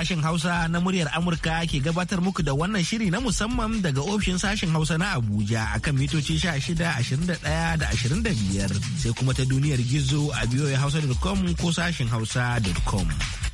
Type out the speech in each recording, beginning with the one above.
Sashen Hausa na muryar Amurka ke gabatar muku da wannan shiri na musamman daga ofishin sashen Hausa na Abuja akan mitoci 16, 21 da 25 sai kuma ta duniyar gizo a biyoyi hausa.com ko sashen hausa.com.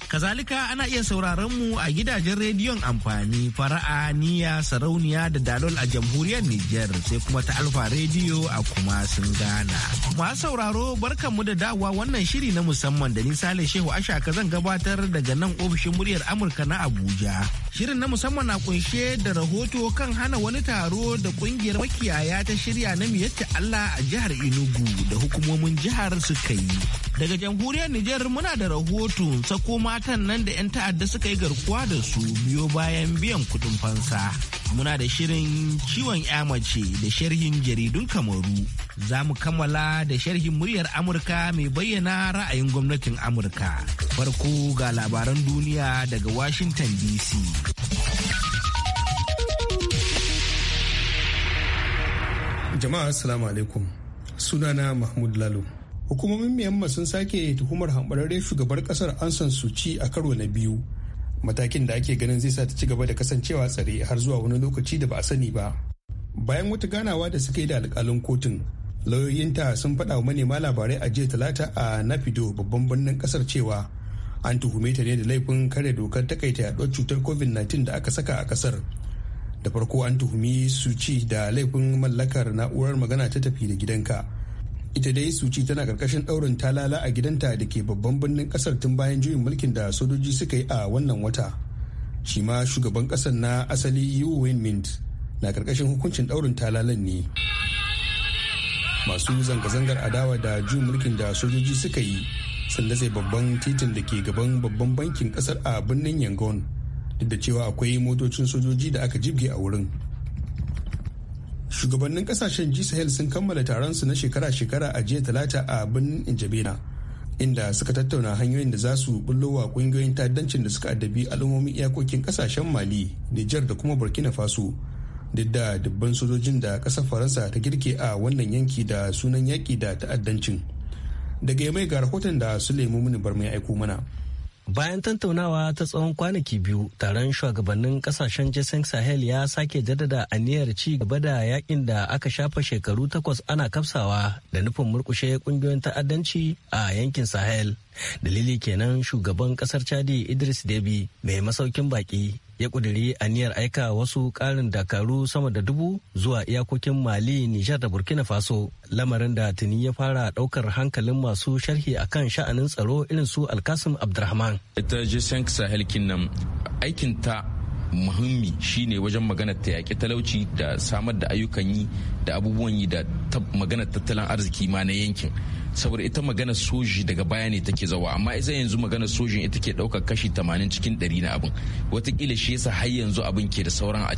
Kazalika ana iya sauraron mu a gidajen rediyon amfani fara'a niya sarauniya da dalol a jamhuriyar Nijar sai kuma ta alfa rediyo a kuma sun gana. Masu sauraro barkan mu da dawa wannan shiri na musamman da ni Sale Shehu Ashaka zan gabatar daga nan ofishin muryar Amurka na Abuja. Shirin na musamman na kunshe da rahoto kan hana wani taro da kungiyar makiyaya ta shirya na miyatta Allah a jihar Enugu da hukumomin jihar suka yi. Daga jamhuriyar Nijar muna da rahoton sako ma matan nan da 'yan ta'adda suka yi garkuwa da su biyo bayan biyan kudin fansa. Muna da shirin ciwon ya mace da sharhin jaridun kamaru. Za mu kammala da sharhin muryar Amurka mai bayyana ra'ayin gwamnatin Amurka. Farko ga labaran duniya daga Washington DC. Jama'a Assalamu alaikum. Sunana Mahmud Lalo. hukumomin myanmar sun sake tuhumar hambararren shugabar kasar an san suci a karo na biyu matakin da ake ganin zai sa ta ci gaba da kasancewa tsare har zuwa wani lokaci da ba a sani ba bayan wata ganawa da suka yi da alkalin kotun lauyoyinta sun faɗa wa manema labarai a jiya talata a nafido babban birnin kasar cewa an tuhume ta ne da laifin kare dokar takaita yaduwar cutar covid-19 da aka saka a kasar da farko an tuhumi su ci da laifin mallakar na'urar magana ta tafi da gidanka ita dai suci tana karkashin daurin talala a gidanta da ke babban birnin kasar tun bayan juyin mulkin da sojoji suka yi a wannan wata shi ma shugaban kasar na asali yu mint na karkashin hukuncin daurin talalan ne masu zanga-zangar adawa da juyin mulkin da sojoji suka yi sun datse babban titin da ke gaban babban bankin kasar a birnin yangon duk da cewa akwai motocin sojoji da aka jibge a wurin shugabannin kasashen g sahel sun kammala taron su na shekara-shekara a jiya talata a birnin injabena inda suka tattauna hanyoyin da za su wa kungiyoyin ta'addancin da suka addabi al'ummomin iyakokin kasashen mali nijar da kuma burkina faso duk da dubban sojojin da kasar faransa ta girke a wannan yanki da sunan yaƙi da ta'addancin daga mai ga rahoton da su lemu mini bar ya aiko mana Bayan tattaunawa ta tsawon kwanaki biyu, taron shugabannin kasashen Jason Sahel ya sake jaddada aniyar ci gaba da yakin da aka shafa shekaru takwas ana kafsawa da nufin murkushe kungiyoyin ta'addanci a yankin Sahel. Dalili kenan shugaban kasar Chadi Idris debi mai masaukin baki ya ƙudiri aniyar aika wasu ƙarin dakaru sama da dubu zuwa iyakokin mali nijar da burkina faso lamarin da tuni ya fara ɗaukar hankalin masu sharhi a kan sha'anin tsaro irin su alkasim abdurrahman ita g5 sahel kinnan aikin ta muhimmi shine wajen magana ta yaƙi talauci da samar da ayyukan yi da abubuwan yi da maganar tattalin arziki ma na yankin saboda ita magana soji daga baya ne take zawa amma iza yanzu magana sojin ita ke ɗaukar kashi 80 cikin 100 na abin watakila shi yasa har yanzu abin ke da sauran a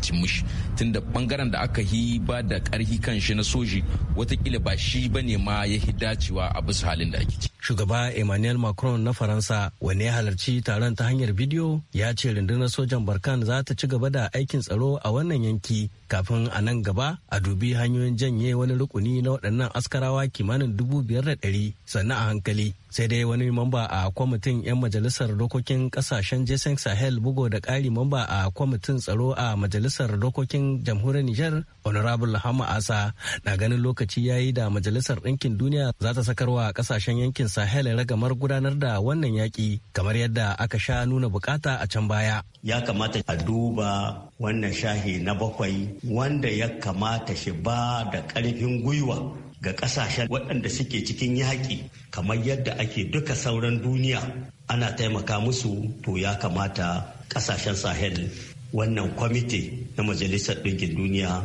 tunda bangaren da aka yi ba da karhi kan shi na soji watakila ba shi bane ma ya dacewa a bisa halin da ake ciki shugaba emmanuel macron na faransa wani ya halarci taron ta hanyar bidiyo ya ce rundunar sojan barkan za ta ci gaba da aikin tsaro a wannan yanki kafin a nan gaba a dubi hanyoyin janye wani rukuni na waɗannan askarawa kimanin dubu biyar da ɗari sannan a hankali sai dai wani mamba a kwamitin 'yan majalisar dokokin kasashen jason sahel bugo da ƙari mamba a kwamitin tsaro a majalisar dokokin jamhuriyar niger honorable hama asa na ganin lokaci ya yi da majalisar ɗinkin duniya za ta sakarwa kasashen yankin sahel ragamar gudanar da wannan yaƙi kamar yadda aka sha nuna bukata a can baya ya kamata a duba wannan shahi na bakwai wanda ya kamata shi ba da ƙarfin gwiwa ga ƙasashen waɗanda suke cikin yaƙi kamar yadda ake duka sauran duniya ana taimaka musu to ya kamata ƙasashen sahel wannan kwamiti na majalisar ɗinkin duniya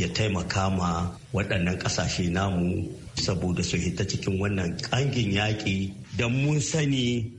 ya taimaka ma waɗannan ƙasashe namu saboda su hita cikin wannan kangin yaƙi da mun sani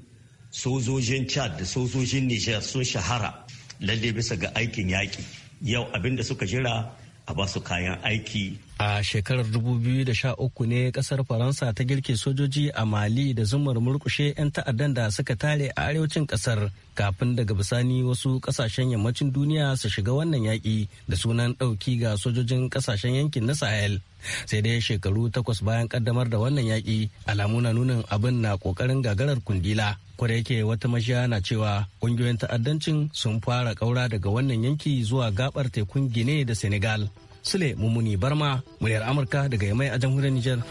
sojojin chad da sojojin Nijar sun shahara lalle bisa ga aikin yaƙi yau abinda suka jira a ba su kayan aiki. A shekarar 2013 ne kasar Faransa ta girke sojoji a Mali da zumar murkushe 'yan ta'addan da suka tare a arewacin kasar kafin daga bisani wasu kasashen yammacin duniya su shiga wannan yaƙi da sunan ɗauki ga sojojin kasashen yankin na Sahel. Sai dai shekaru takwas bayan kaddamar da wannan yaƙi alamu na nunin abin na ƙoƙarin gagarar kundila. kwarai yake wata mashiya na cewa ƙungiyoyin ta'addancin sun fara ƙaura daga wannan yanki zuwa gabar tekun Gine da Senegal. Sule Mumuni Barma, muryar Amurka daga Yamai a jamhuriyar Nijar.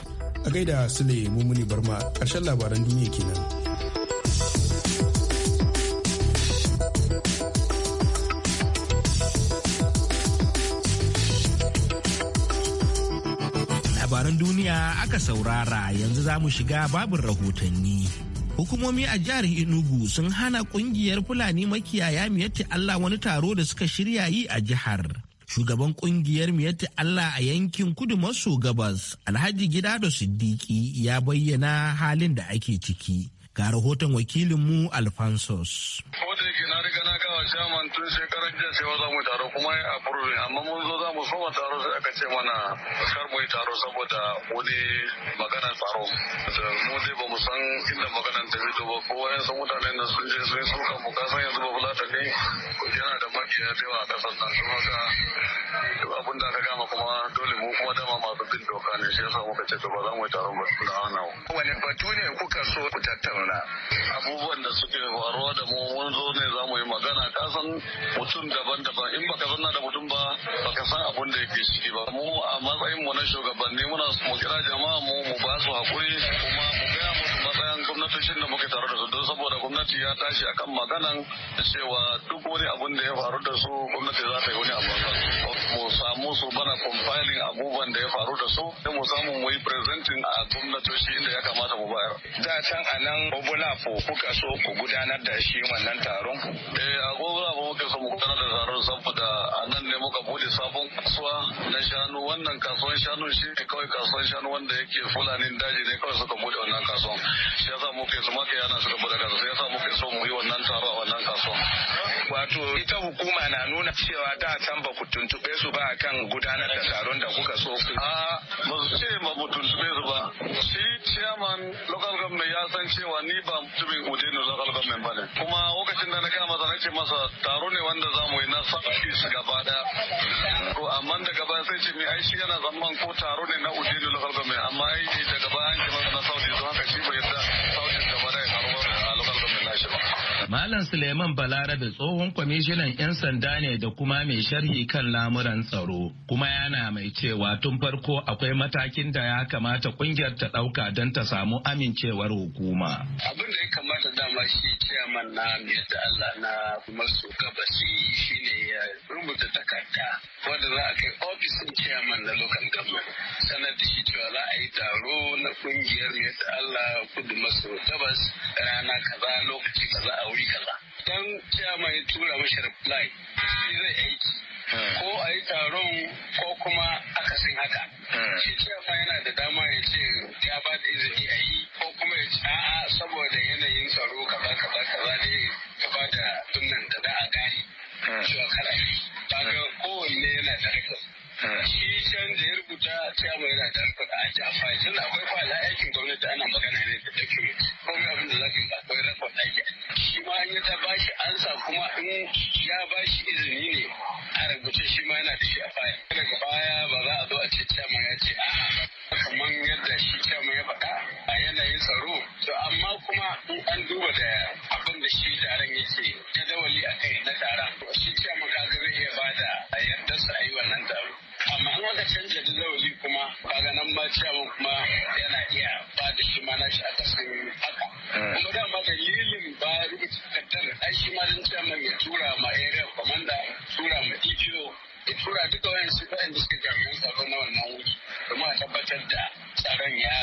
A gaida Sule Mumuni Barma, karshen labaran duniya kenan. Labaran duniya aka saurara yanzu za mu shiga babin rahotanni. Hukumomi a jihar Enugu sun hana kungiyar Fulani makiyaya miyatti Allah wani taro da suka shirya yi a jihar. Shugaban kungiyar miyatti Allah a yankin kudu maso gabas, Alhaji Gida da Siddiki ya bayyana halin da ake ciki. Ga rahoton wakilinmu alfansos wa shaman tun shekarar jiya cewa za mu taro kuma ya approve amma mun zo za mu soma taro sai aka ce mana kar mu yi taro saboda wani magana tsaro mu dai ba mu san inda maganar ta fito ba ko wayan san mutane na sun je sun suka mu ka yanzu ba kula ta kai yana da makiya da yawa a kasar nan kuma ka abin da aka gama kuma dole mu kuma dama masu bin doka ne shi yasa muka ce to ba za mu yi taron ba da wani batu ne kuka so ku tattauna abubuwan da suke faruwa da mu mun zo ne za mu yi magana ka san mutum daban-daban in baka zanna da mutum ba baka san abin da yake ciki ba mu a matsayin mu na shugabanni muna mu kira jama'a mu mu ba su hakuri kuma mu gaya musu matsayin gwamnatocin da muke tare da su don saboda gwamnati ya tashi akan maganan cewa duk wani abin da ya faru da su gwamnati za ta yi wani abu mu samu su mana compiling abubuwan da ya faru da su sai mu samu mu yi presenting a gwamnatoci inda ya kamata mu bayar. Da can a nan Obulafo kuka so ku gudanar da shi wannan taron? Eh a Obulafo kuka so tare da zarar saboda a nan ne muka bude sabon kasuwa na shanu wannan kasuwan shanu shi ne kawai kasuwan shanu wanda yake fulanin daji ne kawai suka bude wannan kasuwan shi yasa muke su maka yana suka bude kasuwa shi yasa muke so mu yi wannan taro a wannan kasuwan. wato ita hukuma na nuna cewa da can ba ku tuntube su ba kan gudanar da taron da kuka so. ku. ba su ce ma mutuntume su ba shi chairman local government ya san cewa ni ba mutumin udenu local government ba ne kuma lokacin da na gaya masa na ce masa taro ne wanda za mu yi na sabis gaba daya to amma daga baya sai ce mi ai shi yana zaman ko taro ne na udenu local government amma ai daga baya an ce masa na saudi don haka shi bai yarda saudi Malam Suleiman Balarabe tsohon kwamishinan 'yan sanda ne da kuma mai sharhi kan lamuran tsaro, kuma yana mai cewa tun farko akwai matakin da ya kamata kungiyar ta ɗauka don ta samu amincewar hukuma. Abin da ya kamata dama shi ciyaman na miyar Allah na maso shi shine ya rubuta takarda wanda za a kai ofisin ciyaman na local government sanar da shi cewa za a yi taro na kungiyar miyar Allah kudu maso gabas rana kaza lokaci kaza a wuri kaza. dan ciyama ya tura mashi reply shi zai aiki hmm. ko a yi taron ko kuma aka sun haka hmm. shi ciyama yana da dama ya ce ya ba da izini a yi ko kuma ya ce a'a saboda yanayin tsaro kaza kaza kaza ne ya ba da dunnan da da a gani hmm. kalafi ba ga kowanne yana da rikin shi can da ya rubuta a cewa mai yana da a jafa tun akwai kwala aikin gwamnati ana magana ne da document komai abin da za ka yi akwai rakon aiki shi ma an yi ta bashi ansa kuma in ya bashi izini ne a rubuce shi ma yana da shi a faya daga baya ba za a zo a ce cewa ya ce kamar yadda shi cewa ya faɗa a yanayin tsaro to amma kuma an duba da abin da shi taron yake kaga nan ma ciyaman kuma yana iya ba da shi ma nashi a tasirin haka eh. kuma da dama dalilin ba rubuta takardar ai shi ma ciyaman ya tura ma area commander tura ma dpo ya tura duka wayan su ba inda suka jami'an tsaro na wannan wuri kuma a tabbatar da tsaron ya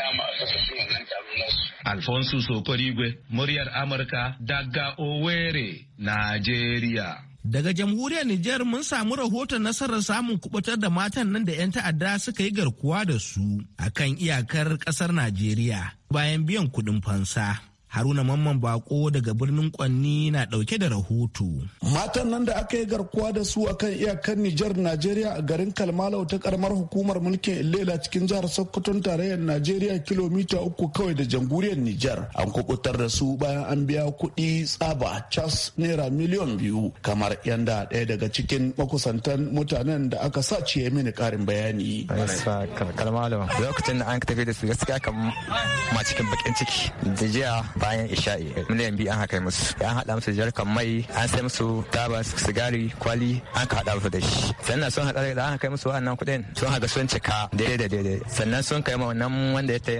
kama a kasashen wannan taro nasu. Alfonso Sokorigwe, muryar Amurka daga Owerri, Najeriya. Daga jamhuriyar Nijar mun samu rahoton nasarar samun kubutar da matan nan da 'yan ta'adda suka yi garkuwa da su a kan iyakar ƙasar Najeriya bayan biyan kuɗin fansa. Haruna Mamman Bako daga birnin Kwanni na dauke da rahoto. Matan nan da aka yi garkuwa da su akan iyakar Nijar Najeriya a garin Kalmalau ta karamar hukumar mulkin Ilela cikin jihar Sokoton tarayyar Najeriya kilomita uku kawai da jamhuriyar Nijar. An kubutar da su bayan an biya kuɗi tsaba cas naira miliyon biyu kamar yanda ɗaya daga cikin makusantan mutanen da aka sa ciye mini ƙarin bayani. Kalmalau lokacin da an tafi da su gaskiya kan ma cikin bakin ciki bayan isha'i miliyan biyu an haka musu an haɗa musu jarkan mai an sai musu taba sigari kwali an ka haɗa musu da shi sannan sun haɗa da an kai musu wa'annan kuɗin sun haka sun cika daidai da daidai sannan sun kai ma wannan wanda ya tai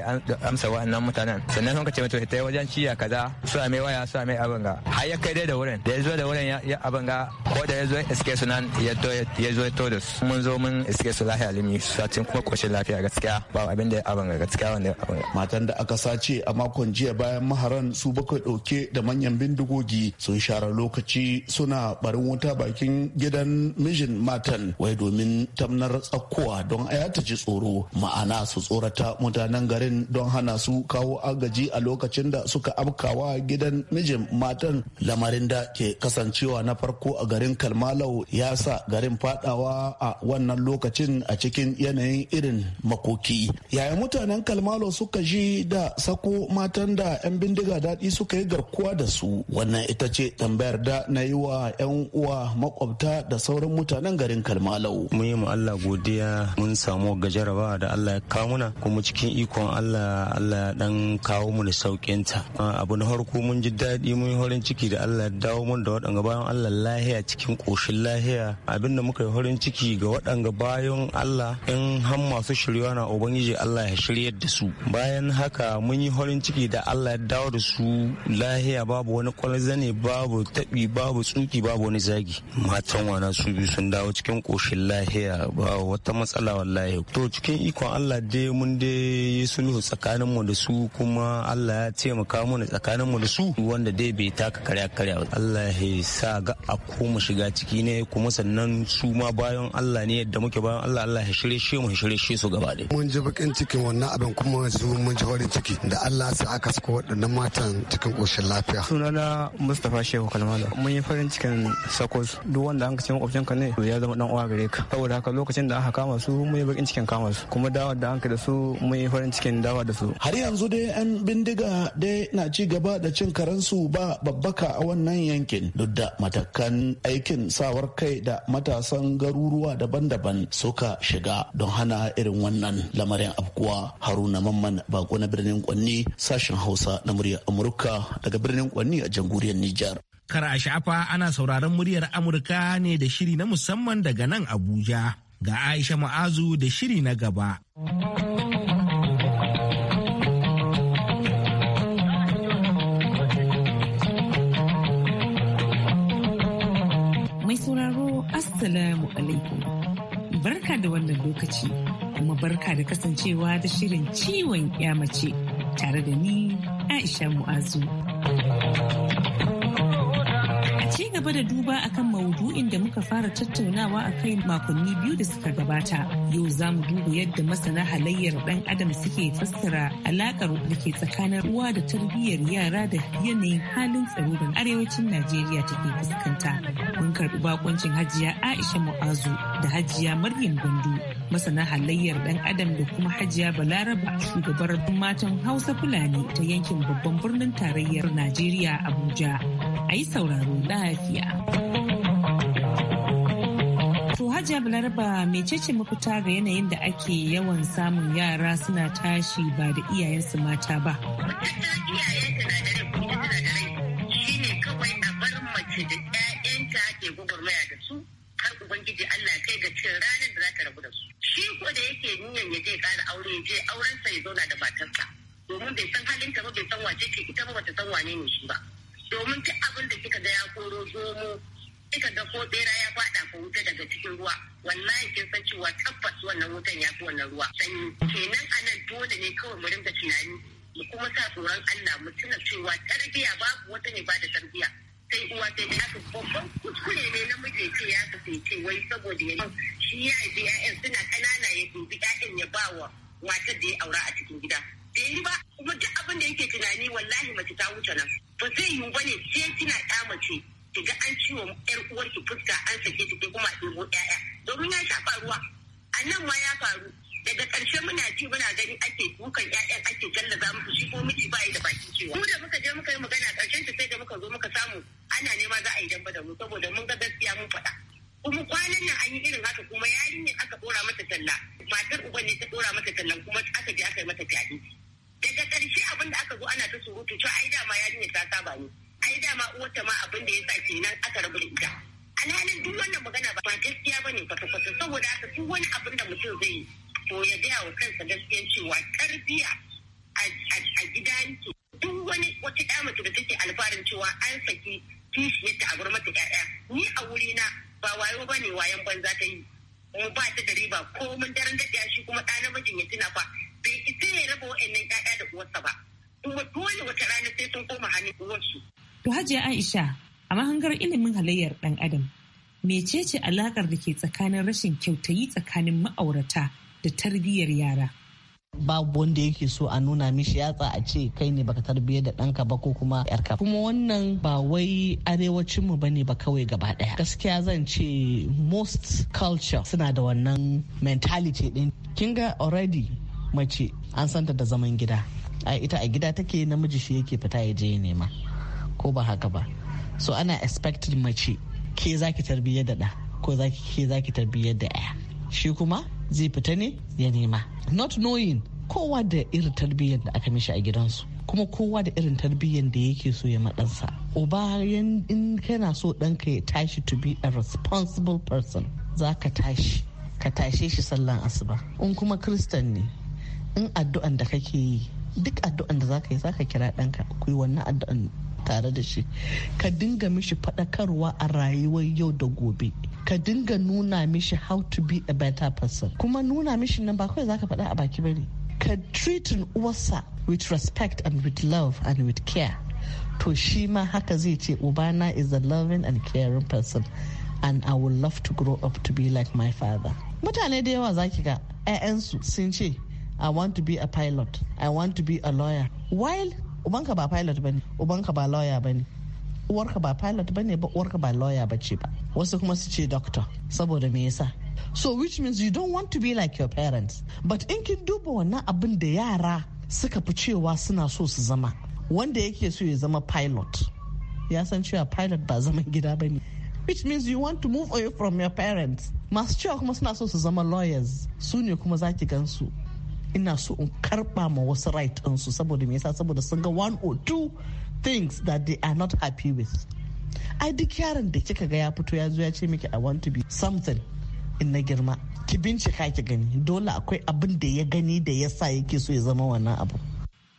amsa wa'annan mutanen sannan sun kace mutum ya tai wajen ciya kaza su a mai waya su a mai abin ga har ya kai dai da wurin da ya zo da wurin ya abin ga ko da ya zo iske su nan ya zo ya to da su mun zo mun iske su lafiya limi su a cikin kuma koshin lafiya gaskiya ba abin da abin ga gaskiya wanda abin matan da aka sace a makon jiya bayan mahar maharan su baka ɗauke da manyan bindigogi sun share lokaci suna barin wuta bakin gidan mijin matan wai domin tamnar tsakkowa don a ji tsoro ma'ana su tsorata mutanen garin don hana su kawo agaji a lokacin da suka afkawa gidan mijin matan lamarin da ke kasancewa na farko a garin kalmalau ya sa garin fadawa a wannan lokacin a cikin yanayin irin makoki yayin mutanen kalmalau suka ji da sako matan da 'yan bindigogi bindiga daɗi suka yi garkuwa da su wannan ita ce tambayar da na yi wa 'yan uwa makwabta da sauran mutanen garin kalmalau mun yi mu allah godiya mun samu ga jarabawa da allah ya kawo muna kuma cikin ikon allah allah ya dan kawo mu da saukin ta abu na farko mun ji daɗi mun yi horin ciki da allah ya dawo mun da waɗanga bayan allah lahiya cikin ƙoshin lahiya abin da muka yi horin ciki ga waɗanga bayan allah in har masu shirya na ubangiji allah ya shiryar da su bayan haka mun yi horin ciki da allah ya dawo dawo da su lahiya babu wani kwalzane babu tabi babu tsuki babu wani zagi matan wana su biyu sun dawo cikin koshin lahiya ba wata matsala wallahi to cikin ikon Allah dai mun dai yi sulhu tsakanin mu da su kuma Allah ya taimaka mana tsakanin mu da su wanda dai bai taka karya karya Allah ya sa ga a koma shiga ciki ne kuma sannan su ma bayan Allah ne yadda muke bayan Allah Allah ya shirye shi mu shirye shi su gaba ɗaya mun ji bakin cikin wannan abin kuma su mun ji farin ciki da Allah sa aka saka waɗannan matan cikin ƙoshin lafiya. Sunana Mustapha Shehu Kalmala. Mun yi farin cikin sakos duk wanda an kace makwabcin ka ne ya zama dan uwa gare ka. Saboda haka lokacin da aka kama su mun yi bakin cikin kama su kuma dawa da an da su mun yi farin cikin dawa da su. Har yanzu dai an bindiga dai na ci gaba da cin su ba babbaka a wannan yankin duk da matakan aikin sawar kai da matasan garuruwa daban-daban suka shiga don hana irin wannan lamarin afkuwa haruna mamman bako na birnin kwanni sashen hausa na murya muryar Amurka daga birnin Kwanni a jamhuriyar Nijar. Kara shafa ana sauraron muryar Amurka ne da shiri na musamman daga nan Abuja ga Aisha Ma'azu da shiri na gaba. Mai sauraro Assalamu alaikum. Barka da wannan lokaci kuma barka da kasancewa da shirin ciwon mace tare da ni Aisha Mu'azu. A ci gaba da duba akan maudu'in da muka fara tattaunawa a kai makonni biyu da suka gabata. Yau za mu duba yadda masana halayyar ɗan adam suke fassara alaƙar da ke tsakanin ruwa da tarbiyyar yara da yanayin halin tsaro da arewacin Najeriya take fuskanta. Mun karɓi bakoncin hajiya Aisha Mu'azu da hajiya Maryam gandu. masana halayyar ɗan adam da kuma hajiya balaraba shugabar matan hausa fulani ta yankin babban birnin tarayyar najeriya abuja a yi sauraro lafiya. to Hajiya Balaraba mecece mafita ga yanayin da ake yawan samun yara suna tashi ba da iyayensu mata ba. da ‘ya'yanta ke gwagwarmaya da su har Ubangiji Allah kai ga cin ranar da za ta rabu da su. shi ko da yake niyan ya je ƙara aure ya je aurensa ya zauna da matarsa domin bai san halin ta ba bai san wace ce ita ba bata san wane ne shi ba domin duk abin da kika ga ya koro zomo kika ga ko bera ya fada ko wuta daga cikin ruwa wallahi kin san cewa tabbas wannan wutan ya fi wannan ruwa sanyi kenan anan dole ne kawai mu rinka tunani mu kuma sa tsoron Allah mu tuna cewa tarbiyya babu wata ne ba da tarbiya sai uwa ta da aka babban kuskure ne na ya ce ya tafi ce wai saboda ya shi ya yi ya'yan suna kanana ya dubi ya'yan ya ba wa matar da ya aura a cikin gida da yi ba kuma duk abin da yake tunani wallahi mace ta wuce nan ba zai yiwu ba ne sai kina ɗa mace ki ga an ciwo yar uwarki fuska an sake ta ke kuma ɗebo 'ya'ya. domin ya shafa ruwa a nan ma ya faru daga ƙarshe muna ji muna gani ake kukan ƴaƴan ake za zamu shi ko miji ba da bakin cewa mu da muka je muka yi magana ƙarshen ta sai da muka zo muka samu ana nema za a yi damba da mu saboda mun ga gaskiya mun faɗa kuma kwanan nan an yi irin haka kuma yarinyar aka ɗora mata talla matar uba ne ta ɗora mata tallan kuma aka je aka yi mata fyaɗe gaskiya cewa tarbiya a gidansu duk wani wata ɗa mace da take alfarin cewa an saki kishiyarta a gurin mata ƴaƴa ni a wurina ba wayo ba ne wayan banza ta yi mu ba ta da riba ko mun daren daɗiya shi kuma ɗa namijin ya tuna fa bai isa ya raba wa'annan ƴaƴa da uwarsa ba kuma dole wata rana sai sun koma hannun uwarsu. To Hajiya Aisha a mahangar ilimin halayyar ɗan Adam mecece alakar da ke tsakanin rashin kyautayi tsakanin ma'aurata da tarbiyyar yara. babu wanda yake so a nuna mishi yatsa a ce kai ne baka tarbiyyar da ɗanka ba ko kuma yarka kuma wannan ba wai arewacin mu bane ba kawai gaba ɗaya gaskiya zan ce most culture suna da wannan mentality din kin ga already mace an santa da zaman gida a ita a gida take namiji shi yake fita ya je ya nema ko ba haka ba so ana expected mace ke zaki tarbiyyar da ɗa ko zaki ke zaki tarbiyyar da ɗaya shi kuma zai fita ne ya nema not knowing kowa da irin tarbiyyar da aka mishi a gidansu kuma kowa da irin tarbiyyar da yake so ya maɗansa uba in kana so ɗanka ya tashi to be a responsible person za ka tashi ka tashe shi sallan asuba in kuma kristan ne in addu'an da kake yi duk addu'an da za ka yi za ka kira ɗanka ku yi wannan addu'an tare da shi ka dinga mishi faɗakarwa a rayuwar yau da gobe ka dinga nuna mishi how to be a better person kuma nuna mishi nan ba kawai zaka faɗa a baki bane ka treatin uwarsa with respect and with love and with care to shi ma haka zai ce ubana is a loving and caring person and i would love to grow up to be like my father mutane da yawa zaki ga 'ya'yansu sun ce i want to be a pilot i want to be a lawyer while ubanka ba pilot bane ubanka ba lawyer bane uwarka ba pilot bane ba uwarka ba lawyer bace ba wasu kuma su ce doctor saboda me yasa so which means you don't want to be like your parents but in kin duba wannan abin da yara suka fi cewa suna so su zama wanda yake so ya zama pilot ya san cewa pilot ba zaman gida ba ne which means you want to move away from your parents masu cewa kuma suna so su zama lawyers su ne kuma zaki gansu ina so in karba ma wasu right su saboda me yasa saboda sun ga one or two things that they are not happy with ai duk yaron da kika ga ya fito ya zo ya ce miki i want to be something in na girma ki bincika ki gani dole akwai abin da ya gani da yasa yake so ya zama wannan abu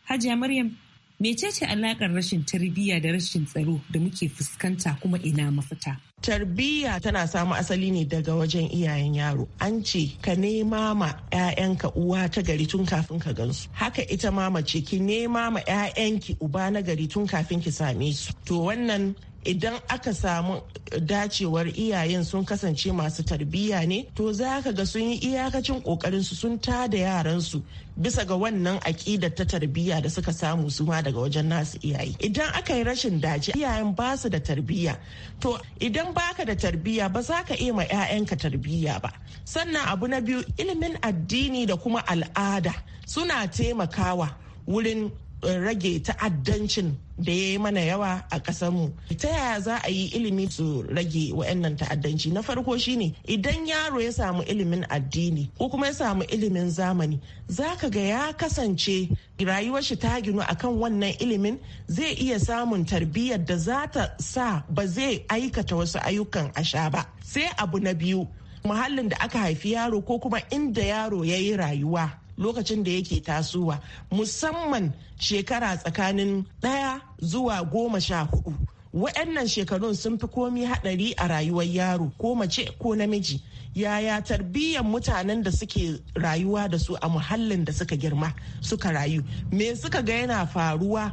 hajiya maryam mecece alakar rashin tarbiyya da rashin tsaro da muke fuskanta kuma ina mafita tarbiyya tana samu asali ne daga wajen iyayen yaro an ce ka nema ma 'ya'yanka uwa ta gari tun kafin ka gansu haka ita ma mace ki nema ma 'ya'yanki uba na gari tun kafin ki same su to wannan idan aka samu dacewar iyayen sun kasance masu tarbiyya ne to za ka ga sun yi iyakacin kokarin su sun tada yaransu bisa ga wannan aƙidar ta tarbiyya da suka samu su ma daga wajen nasu iyaye idan aka yi rashin dace iyayen ba su da tarbiyya to idan baka da tarbiyya ba za ka iya ma 'ya'yanka tarbiyya ba sannan abu na biyu ilimin addini da kuma al'ada suna taimakawa wurin rage ta'addancin da ya yi mana yawa a ƙasarmu ta yaya za a yi ilimi su rage wa'annan ta'addanci na farko shine idan yaro ya samu ilimin addini ko kuma ya samu ilimin zamani za ka ga ya kasance rayuwar shi ta ginu akan wannan ilimin zai iya samun tarbiyyar da za ta sa ba zai aikata wasu ayyukan asha ba sai abu na biyu muhallin da aka haifi yaro ko kuma inda yaro ya yi rayuwa lokacin da yake tasowa musamman shekara tsakanin ɗaya zuwa goma sha hudu wa'annan shekarun sun fi komi haɗari a rayuwar yaro ko mace ko namiji yaya tarbiyyar mutanen da suke rayuwa da su a muhallin da suka girma suka rayu me suka ga yana faruwa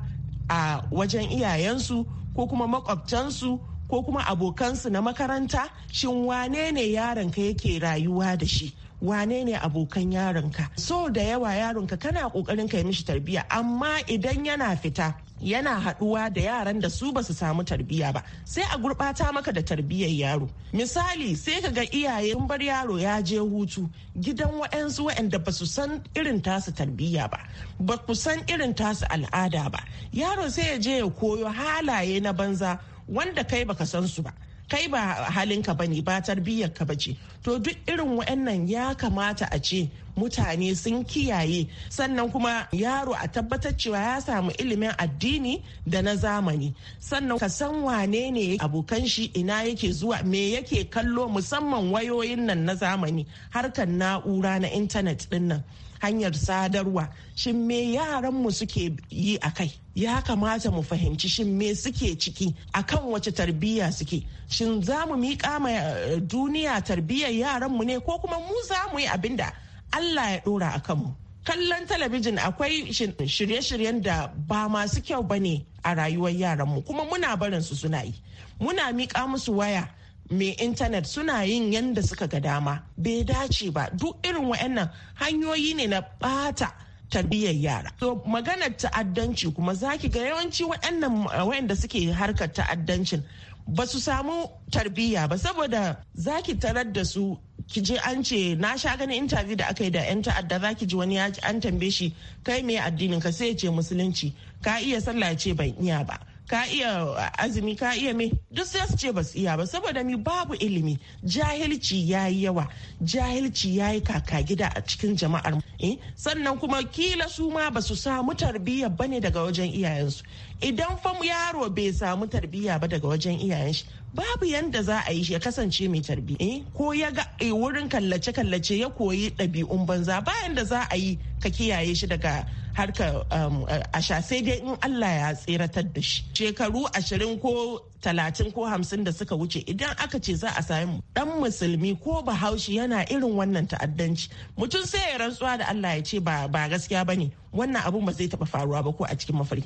a wajen iyayensu ko kuma makwabtansu ko kuma abokansu na makaranta shin wane ne yaron ka yake rayuwa da shi wane ne abokan yaronka so da yawa yaronka kana kokarin ka yi mishi tarbiyya amma idan yana fita yana haɗuwa da yaran da su basu samu tarbiyya ba sai a gurɓata maka da tarbiyyar yaro misali sai ka ga iyaye sun bar yaro ya je hutu gidan waɗansu waɗanda su san irin tasu tarbiyya ba ba ku san irin tasu al'ada ba yaro sai ya je ya koyo halaye na banza wanda kai baka san su ba kai ba halinka ba ne ba tarbiyyar ka bace to duk irin wa'annan ya kamata a ce mutane sun kiyaye sannan kuma yaro a tabbatar cewa ya samu ilimin addini da na zamani sannan ka san wane ne abokan shi ina yake zuwa me yake kallo musamman wayoyin nan na zamani harkar na'ura na intanet din hanyar sadarwa shin me yaran mu suke yi a kai ya kamata mu fahimci shin me suke ciki akan wace tarbiyya suke shin za mu miƙa ma eh, duniya tarbiyyar yaranmu ne ko kuma mu za mu yi abin da allah ya ɗora a kanmu kallon talabijin akwai shirye-shiryen da ba masu kyau ba ne a rayuwar yaranmu kuma muna barin su suna yi muna miƙa musu waya mai intanet suna yin yanda suka ga dama bai dace ba duk irin wa'annan hanyoyi ne na ɓata tarbiyyar yara. To maganar ta'addanci kuma za ki ga yawanci waɗannan eh, waɗanda suke harkar ta'addancin ba su samu tarbiyya ba saboda za ki tarar da su ki je an ce na sha gani interview da aka yi da yan ta'adda za ki ji wani ya an tambaye shi kai mai addinin ka sai ce musulunci ka iya sallah ce ban iya ba ka iya azumi ka iya me duk sai su ce ba su iya ba saboda mi babu ilimi jahilci yayi yawa jahilci yayi kaka gida a cikin jama'ar mu. Eh, sannan kuma kila su ma ba samu tarbiyya ba ne daga wajen iyayensu idan fa yaro bai samu tarbiyya ba daga wajen iyayen shi babu yanda za a yi shi ya kasance mai tarbiyya eh? ko ya ga eh, wurin kallace-kallace ya koyi ɗabi'un banza bayan da za a yi ka kiyaye shi daga harka um, a sai dai in Allah ya tseratar da shi shekaru ashirin ko talatin ko hamsin da suka wuce idan aka ce za a sami dan musulmi ko bahaushe yana irin wannan ta'addanci mutum sai ya rantsuwa da Allah ya ce ba gaskiya ba ne wannan abun ba zai taba faruwa ba ko a cikin mafarki.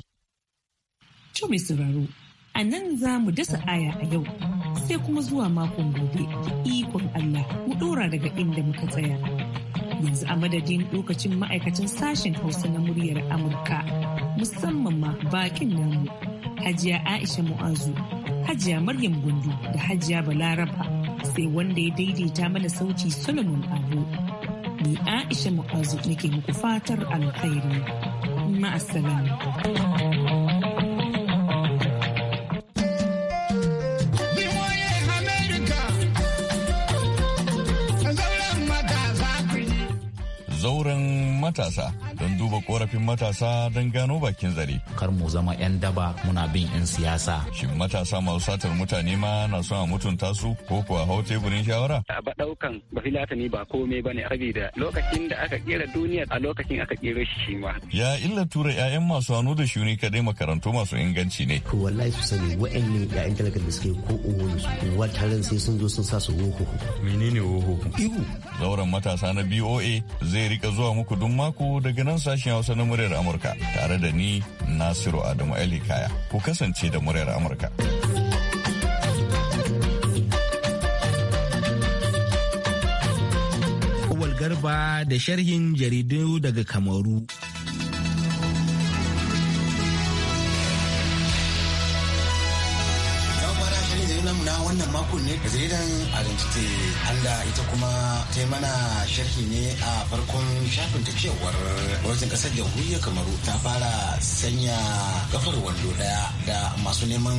To mai sauraro a nan za mu dasa aya a yau sai kuma zuwa makon gobe ikon Allah mu ɗora daga inda muka tsaya. yanzu a madadin lokacin ma'aikacin sashen hausa na muryar amurka musamman ma bakin namu hajiya aisha mu'azu hajiya maryam gundu da hajiya balaraba sai wanda ya daidaita mana sauti solomon abu ni aisha mu'azu nake muku fatar alkhairi ma'assalam zauren matasa don duba korafin matasa don gano bakin zare. Kar mu zama 'yan daba muna bin 'yan siyasa. Shin matasa masu satar mutane ma na son a mutunta su ko kuwa hau teburin shawara? A ba daukan ba filatani ba komai ba ne da lokacin da aka kera duniya a lokacin aka kera shi ma. Ya illa tura 'ya'yan masu hannu da shuni kadai makarantu masu inganci ne. ko wallahi su sani wa'annan 'ya'yan talakar da suke ko uwan su sai sun zo sun sa su wuhu. Menene wuhu. Ihu. Zauren matasa na BOA zai rika zuwa muku duk mako daga nan sashen Hausa na muryar Amurka tare da ni Nasiru Adamu Ali Kaya. Ku kasance da muryar Amurka. Garba da sharhin jaridu daga Kamaru. wannan makon ne jaridan identity allah ita kuma ta yi mana sharhi ne a farkon shafin ta cewar gwamnatin kasar jamhuriyar kamaru ta fara sanya kafar wando daya da masu neman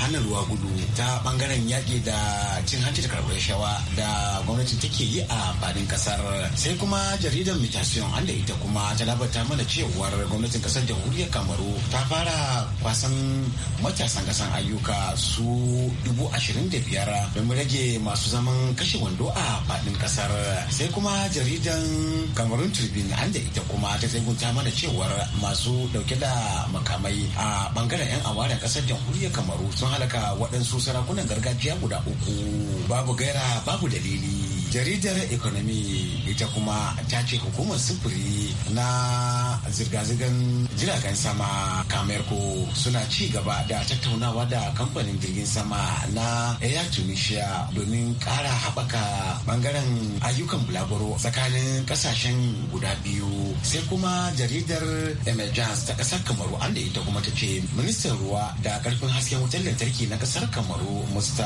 hana ruwa gudu ta bangaren yaƙi da cin hanci da karɓar shawa da gwamnati take yi a fadin kasar sai kuma jaridan mutation Allah ita kuma ta labarta mana cewar gwamnatin kasar jamhuriyar kamaru ta fara kwasan matasan kasan ayyuka su dubu ashirin 25 don rage masu zaman kashe wando a faɗin ƙasar sai kuma jaridan kamarun tribune an da ita kuma ta tsegunta mana cewar masu ɗauke da makamai a bangaren 'yan awarin ƙasar jamhuriyar kamaru sun halaka waɗansu sarakunan gargajiya guda uku babu gaira babu dalili jaridar economy ita kuma ta ce hukumar sufuri na zirga-zirgar jiragen sama kamerko suna ci gaba da tattaunawa da kamfanin jirgin sama na air tunisia domin kara haɓaka bangaren ayyukan bulaguro tsakanin kasashen guda biyu sai kuma jaridar emergence ta ƙasar kamaru an da ita kuma ta ce ministan ruwa da karfin hasken wutar lantarki na ƙasar kamaru musta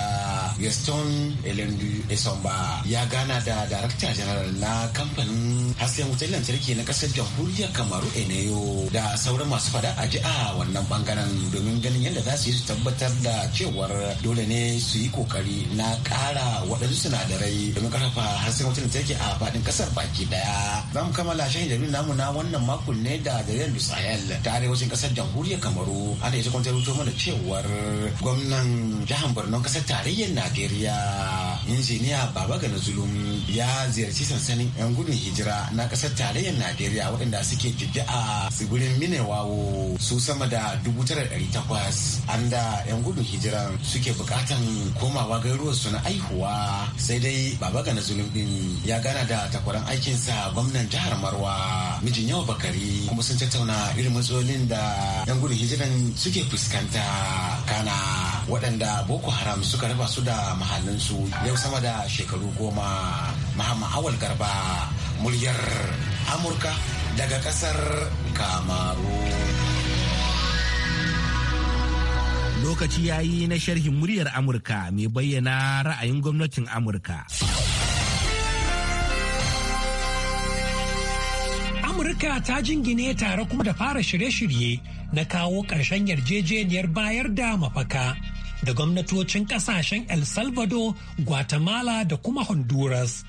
gaston elendu esomba ya ga gana da darakta janar na kamfanin hasken wutar lantarki na kasar jamhuriyar kamaru eneyo da sauran masu fada a ji a wannan bangaren domin ganin yadda za su yi su tabbatar da cewar dole ne su yi kokari na kara waɗansu sinadarai domin karfafa hasken wutar lantarki a faɗin kasar baki daya za mu kammala shahin jami'in namu na wannan makon ne da jaridar dusayel ta arewacin kasar jamhuriyar kamaru ana yanzu kwantar rubuto mana cewar gwamnan jihar borno kasar tarayyar najeriya injiniya baba gana zulu domin ya ziyarci sansanin 'yan gudun hijira na kasar tarayyar Najeriya waɗanda suke jiddi a tsibirin Minewawo su sama da dubu tara ɗari takwas an da 'yan gudun hijira suke buƙatan komawa garuruwarsu na aihuwa sai dai baba gana zulum ɗin ya gana da takwaran aikinsa gwamnan jihar Marwa mijin yau bakari kuma sun tattauna irin matsalolin da 'yan gudun hijiran suke fuskanta kana waɗanda Boko Haram suka raba su da mahallinsu yau sama da shekaru goma Mahama Garba muryar Amurka daga kasar Kamaru. Lokaci ya yi na sharhin muryar Amurka mai bayyana ra'ayin gwamnatin Amurka. Amurka ta jingine tare kuma da fara shirye-shirye na kawo ƙarshen yarjejeniyar bayar da mafaka. da gwamnatocin kasashen El Salvador, Guatemala da kuma Honduras.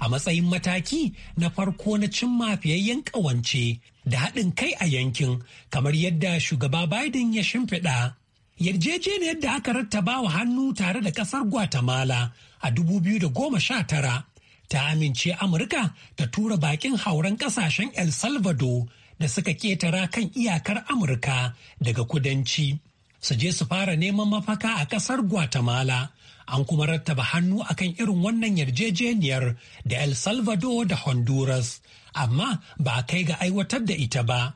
A matsayin mataki na farko na cin fiyayyen ƙawance da haɗin kai a yankin kamar yadda shugaba Biden ya shimfiɗa. Yarjejeniyar da aka rattaba wa hannu tare da ƙasar Guatemala a 2019 ta amince Amurka ta tura bakin hauren ƙasashen El Salvador da suka ƙetara kan iyakar Amurka daga kudanci. su je su fara neman mafaka a ƙasar Guatemala. An kuma rattaba hannu akan irin wannan yarjejeniyar da El Salvador da Honduras, amma ba a kai ga aiwatar da ita ba.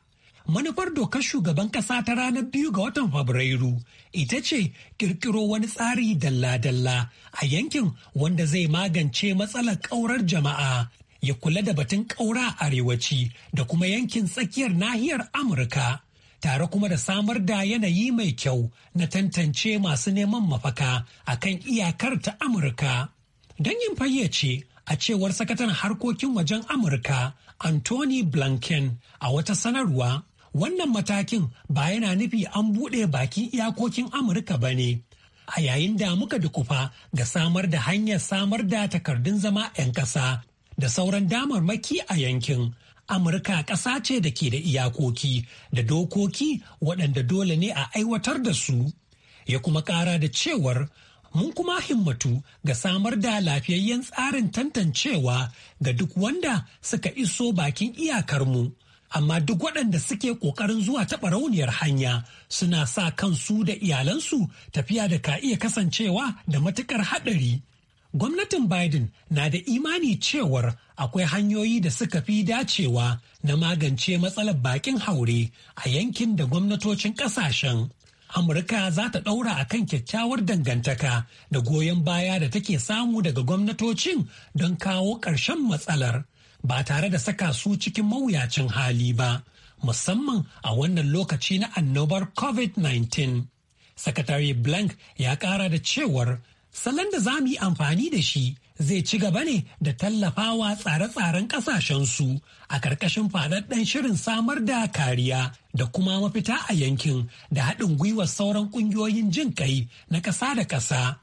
Manufar dokar shugaban ƙasa ta ranar biyu ga watan Fabrairu ita ce ƙirƙiro wani tsari dalla-dalla a yankin wanda zai magance matsalar ƙaurar jama'a ya kula da batun ƙaura a arewaci da kuma yankin tsakiyar nahiyar Amurka. tare kuma da samar da yanayi mai kyau na tantance masu neman mafaka a kan iyakar ta Amurka. Don yin fayyace a cewar sakataren harkokin wajen Amurka Anthony Blinken a wata sanarwa, wannan matakin ba yana nufi an buɗe bakin iyakokin Amurka ba ne. A yayin da muka dukufa ga samar da hanyar samar da takardun zama 'yan ƙasa da sauran damarmaki a yankin. Amurka ƙasa ce da ke da iyakoki da dokoki waɗanda dole ne a aiwatar da su. Ya kuma ƙara da cewar mun kuma himmatu ga samar da lafiyayyen tsarin tantancewa ga duk wanda suka iso bakin iyakarmu. Amma duk waɗanda suke ƙoƙarin zuwa taɓa rauniyar hanya suna sa kansu da iyalansu tafiya da ka iya kasancewa da matuƙar haɗari. Gwamnatin Biden na da imani cewar akwai hanyoyi da suka fi dacewa na magance matsalar bakin haure a yankin da gwamnatocin kasashen. Amurka za ta ɗaura a kan kyakkyawar dangantaka da goyon baya da take samu daga gwamnatocin don kawo ƙarshen matsalar ba tare da saka su cikin mawuyacin hali ba, musamman a wannan lokaci na annobar COVID-19. Sakatare Blank ya ƙara da cewar salon da za mu yi amfani da shi zai ci gaba ne da tallafawa tsare-tsaren su a ƙarƙashin faɗaɗɗen shirin samar da kariya da kuma mafita a yankin da haɗin gwiwar sauran ƙungiyoyin jin kai na ƙasa da ƙasa.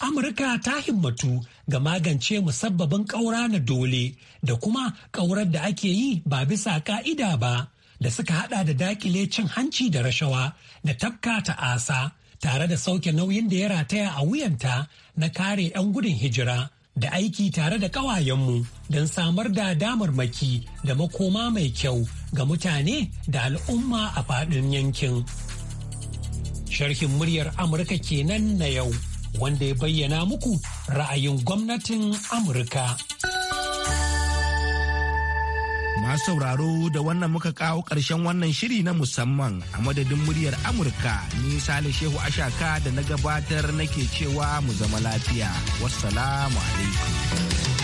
Amurka ta himmatu ga magance musabbabin ƙaura na dole da kuma ƙaurar da ake yi ba bisa ƙa'ida ba da suka haɗa da dakile cin hanci da rashawa da tafka ta'asa tare da sauke nauyin da ya rataya a wuyanta na kare 'yan gudun hijira da aiki tare da ƙawayenmu don samar da damarmaki da makoma mai kyau ga mutane da al'umma a faɗin yankin. Sharhin muryar Amurka kenan na yau wanda ya bayyana muku ra'ayin gwamnatin Amurka. Masu sauraro da wannan muka kawo ƙarshen wannan shiri na musamman a madadin muryar Amurka ni Sale Shehu Ashaka da na gabatar nake cewa mu zama lafiya. Wassalamu alaikum.